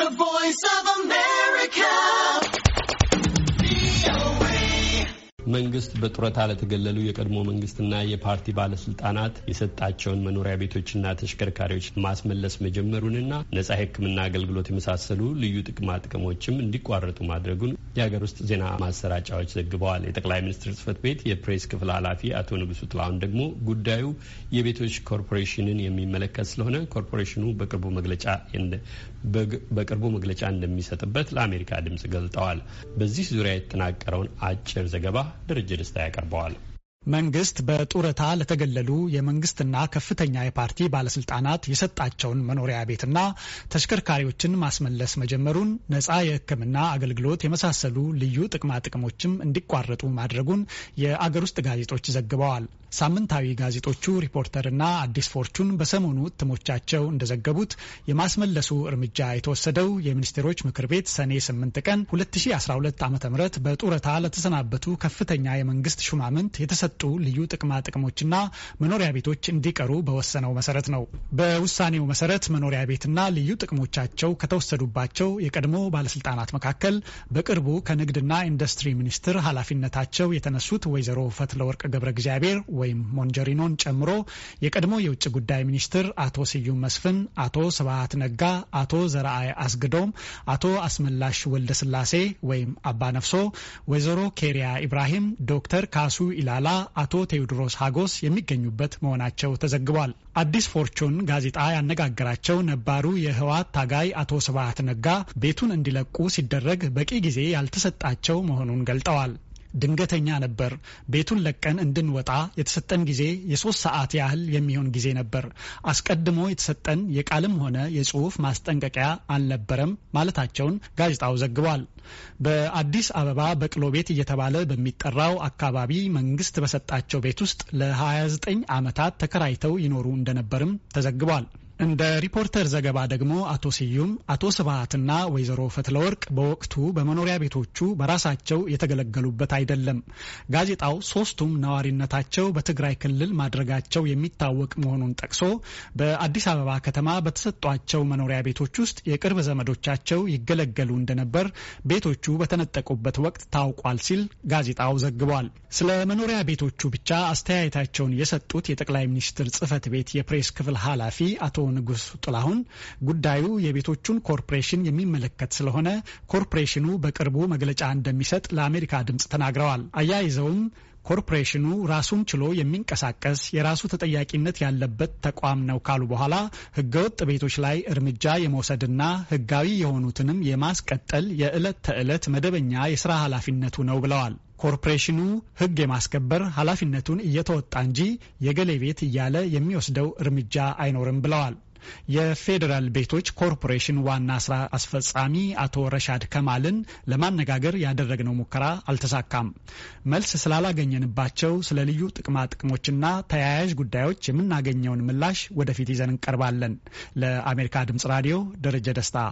The Voice of America. መንግስት በጡረታ ለተገለሉ የቀድሞ መንግስትና የፓርቲ ባለስልጣናት የሰጣቸውን መኖሪያ ቤቶችና ተሽከርካሪዎች ማስመለስ መጀመሩንና ነጻ የሕክምና አገልግሎት የመሳሰሉ ልዩ ጥቅማ ጥቅሞችም እንዲቋረጡ ማድረጉን የሀገር ውስጥ ዜና ማሰራጫዎች ዘግበዋል። የጠቅላይ ሚኒስትር ጽህፈት ቤት የፕሬስ ክፍል ኃላፊ አቶ ንጉሱ ጥላሁን ደግሞ ጉዳዩ የቤቶች ኮርፖሬሽንን የሚመለከት ስለሆነ ኮርፖሬሽኑ በቅርቡ መግለጫ በቅርቡ መግለጫ እንደሚሰጥበት ለአሜሪካ ድምጽ ገልጠዋል። በዚህ ዙሪያ የተጠናቀረውን አጭር ዘገባ ድርጅት ደስታ ያቀርበዋል። መንግስት በጡረታ ለተገለሉ የመንግስትና ከፍተኛ የፓርቲ ባለስልጣናት የሰጣቸውን መኖሪያ ቤትና ተሽከርካሪዎችን ማስመለስ መጀመሩን፣ ነጻ የሕክምና አገልግሎት የመሳሰሉ ልዩ ጥቅማጥቅሞችም እንዲቋረጡ ማድረጉን የአገር ውስጥ ጋዜጦች ዘግበዋል። ሳምንታዊ ጋዜጦቹ ሪፖርተርና አዲስ ፎርቹን በሰሞኑ እትሞቻቸው እንደዘገቡት የማስመለሱ እርምጃ የተወሰደው የሚኒስቴሮች ምክር ቤት ሰኔ 8 ቀን 2012 ዓ ም በጡረታ ለተሰናበቱ ከፍተኛ የመንግስት ሹማምንት የተሰ የተሰጡ ልዩ ጥቅማ ጥቅሞችና መኖሪያ ቤቶች እንዲቀሩ በወሰነው መሰረት ነው። በውሳኔው መሰረት መኖሪያ ቤትና ልዩ ጥቅሞቻቸው ከተወሰዱባቸው የቀድሞ ባለስልጣናት መካከል በቅርቡ ከንግድና ኢንዱስትሪ ሚኒስትር ኃላፊነታቸው የተነሱት ወይዘሮ ፈትለወርቅ ገብረ እግዚአብሔር ወይም ሞንጀሪኖን ጨምሮ የቀድሞ የውጭ ጉዳይ ሚኒስትር አቶ ስዩም መስፍን፣ አቶ ስብሀት ነጋ፣ አቶ ዘረአይ አስገዶም፣ አቶ አስመላሽ ወልደስላሴ ወይም አባ ነፍሶ፣ ወይዘሮ ኬሪያ ኢብራሂም፣ ዶክተር ካሱ ኢላላ፣ አቶ ቴዎድሮስ ሀጎስ የሚገኙበት መሆናቸው ተዘግቧል። አዲስ ፎርቹን ጋዜጣ ያነጋገራቸው ነባሩ የህወሓት ታጋይ አቶ ስብሀት ነጋ ቤቱን እንዲለቁ ሲደረግ በቂ ጊዜ ያልተሰጣቸው መሆኑን ገልጠዋል። ድንገተኛ ነበር። ቤቱን ለቀን እንድንወጣ የተሰጠን ጊዜ የሶስት ሰዓት ያህል የሚሆን ጊዜ ነበር። አስቀድሞ የተሰጠን የቃልም ሆነ የጽሁፍ ማስጠንቀቂያ አልነበረም ማለታቸውን ጋዜጣው ዘግቧል። በአዲስ አበባ በቅሎ ቤት እየተባለ በሚጠራው አካባቢ መንግስት በሰጣቸው ቤት ውስጥ ለ29 ዓመታት ተከራይተው ይኖሩ እንደነበርም ተዘግቧል። እንደ ሪፖርተር ዘገባ ደግሞ አቶ ስዩም፣ አቶ ስብሀትና ወይዘሮ ፈትለወርቅ በወቅቱ በመኖሪያ ቤቶቹ በራሳቸው የተገለገሉበት አይደለም። ጋዜጣው ሶስቱም ነዋሪነታቸው በትግራይ ክልል ማድረጋቸው የሚታወቅ መሆኑን ጠቅሶ በአዲስ አበባ ከተማ በተሰጧቸው መኖሪያ ቤቶች ውስጥ የቅርብ ዘመዶቻቸው ይገለገሉ እንደነበር ቤቶቹ በተነጠቁበት ወቅት ታውቋል ሲል ጋዜጣው ዘግቧል። ስለ መኖሪያ ቤቶቹ ብቻ አስተያየታቸውን የሰጡት የጠቅላይ ሚኒስትር ጽህፈት ቤት የፕሬስ ክፍል ኃላፊ አቶ ንጉስ ጥላሁን ጉዳዩ የቤቶቹን ኮርፖሬሽን የሚመለከት ስለሆነ ኮርፖሬሽኑ በቅርቡ መግለጫ እንደሚሰጥ ለአሜሪካ ድምፅ ተናግረዋል። አያይዘውም ኮርፖሬሽኑ ራሱን ችሎ የሚንቀሳቀስ የራሱ ተጠያቂነት ያለበት ተቋም ነው ካሉ በኋላ ህገወጥ ቤቶች ላይ እርምጃ የመውሰድና ህጋዊ የሆኑትንም የማስቀጠል የዕለት ተዕለት መደበኛ የስራ ኃላፊነቱ ነው ብለዋል። ኮርፖሬሽኑ ህግ የማስከበር ኃላፊነቱን እየተወጣ እንጂ የገሌ ቤት እያለ የሚወስደው እርምጃ አይኖርም ብለዋል። የፌዴራል ቤቶች ኮርፖሬሽን ዋና ስራ አስፈጻሚ አቶ ረሻድ ከማልን ለማነጋገር ያደረግነው ሙከራ አልተሳካም። መልስ ስላላገኘንባቸው ስለ ልዩ ጥቅማ ጥቅሞችና ተያያዥ ጉዳዮች የምናገኘውን ምላሽ ወደፊት ይዘን እንቀርባለን። ለአሜሪካ ድምጽ ራዲዮ ደረጀ ደስታ